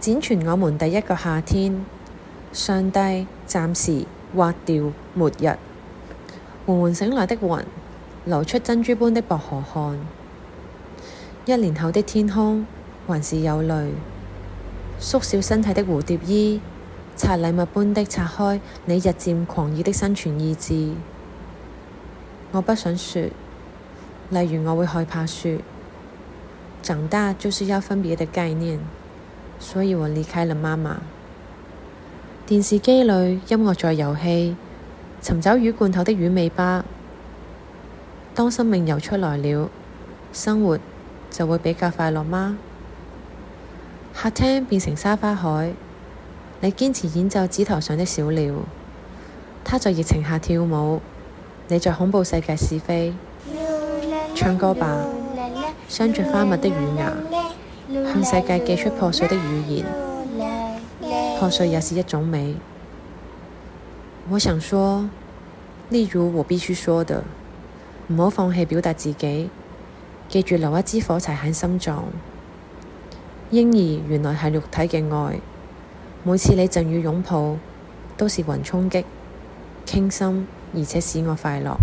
剪存我們第一個夏天，上帝暫時劃掉末日，緩緩醒來的雲流出珍珠般的薄荷汗。一年後的天空還是有淚，縮小身體的蝴蝶衣拆禮物般的拆開你日漸狂熱的生存意志。我不想說，例如我會害怕說。長大就是要分別的概念。所以我離開了媽媽。電視機裡，音樂在遊戲，尋找魚罐頭的魚尾巴。當生命游出來了，生活就會比較快樂嗎？客廳變成沙發海，你堅持演奏指頭上的小鳥，他在疫情下跳舞，你在恐怖世界試飛。唱歌吧，鑲著花蜜的乳牙。向世界寄出破碎的語言，破碎也是一種美。我想說，例如我必須說的，唔好放棄表達自己。記住留一支火柴喺心臟。嬰兒原來係肉體嘅愛，每次你贈予擁抱，都是雲衝擊，傾心而且使我快樂。